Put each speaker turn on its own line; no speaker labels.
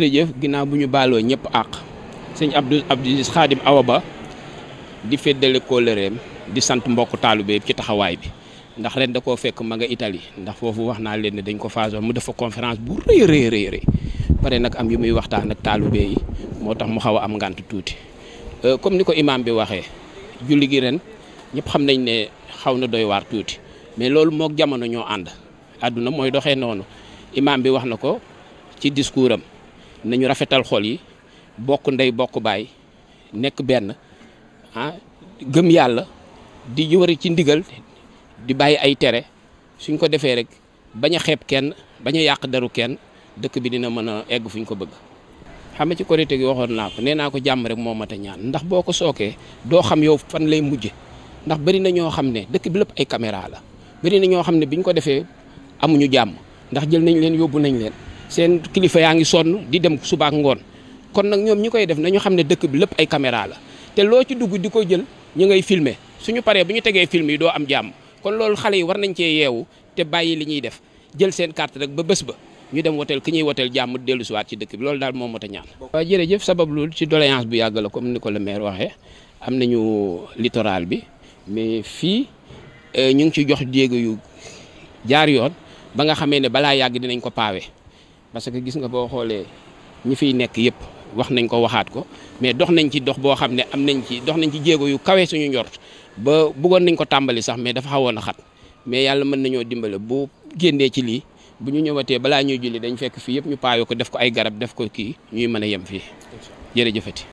jërëjëf ginnaaw bu ñu baaloo ñëpp àq sëñ Abdou Abdou Khadim Awa Ba di feddale kóllëreem di sant mbokk taalibe ci taxawaay bi ndax ren da koo fekk ma nga itali ndax foofu wax naa leen ne dañ ko faasoon mu def fa bu rëy rëy rëy rëy pare nag am yu muy waxtaan ak taalibe yi moo tax mu xaw a am ngant tuuti euh, comme ni ko imaam bi waxee julli gi ren ñëpp xam nañ ne xaw na doy waar tuuti mais loolu moog jamono ñoo ànd àdduna mooy doxee noonu imaam bi wax na ko ci discours nañu rafetal xol yi bokk nday bokk nek nek ben ah gëm yalla di wëri ci ndigal di bay ay téré suñ ko défé rek baña xép kenn baña yaq daru kenn dëkk bi dina mëna a egg fuñ ko bëgg xam na ci korité gi waxon na ko néna ko jàmm rek moo mat ñaan ndax boko soké do xam yow fan lay mujjé ndax bari na ño xamné dëkk bi lepp ay caméra la bari na ño xamné biñ ko défé amuñu ndax jël nañ leen yobbu nañ leen seen kilifa yaa ngi sonn di dem subaak ngoon kon nag ñoom ñi koy def nañu xam ne dëkk bi lépp ay caméra la te loo ci dugg di ko jël ñu ngay filmer suñu paree bu ñu tegee film yi doo am jàmm kon loolu xale yi war nañ cee yeewu te bàyyi li ñuy def jël seen kart rek ba bés ba ñu dem woteel ki ñuy woteel jàmm dellu siwaat ci dëkk bi loolu daal moom moo ta ñaan waaw jërëjëf sabab loolu ci doléance bu yàgg la comme ni ko le maire waxee am nañu littoral bi mais fii euh, ñu ngi ci jox jéego yu jaar parce que gis nga boo xoolee ñi fiy nekk yëpp wax nañ ko waxaat ko mais dox nañ ci dox boo xam ne am nañ ci dox nañ ci jéego yu kawee suñu njor ba bëggoon nañ ko tàmbali sax mais dafa xawoon a xat mais yàlla mën nañoo dimbale bu génnee ci lii bu ñu ñëwatee balaa ñuy julli dañ fekk fii yëpp ñu paayo ko def ko ay garab def ko kii ñuy mën a yem fii jërëjëfati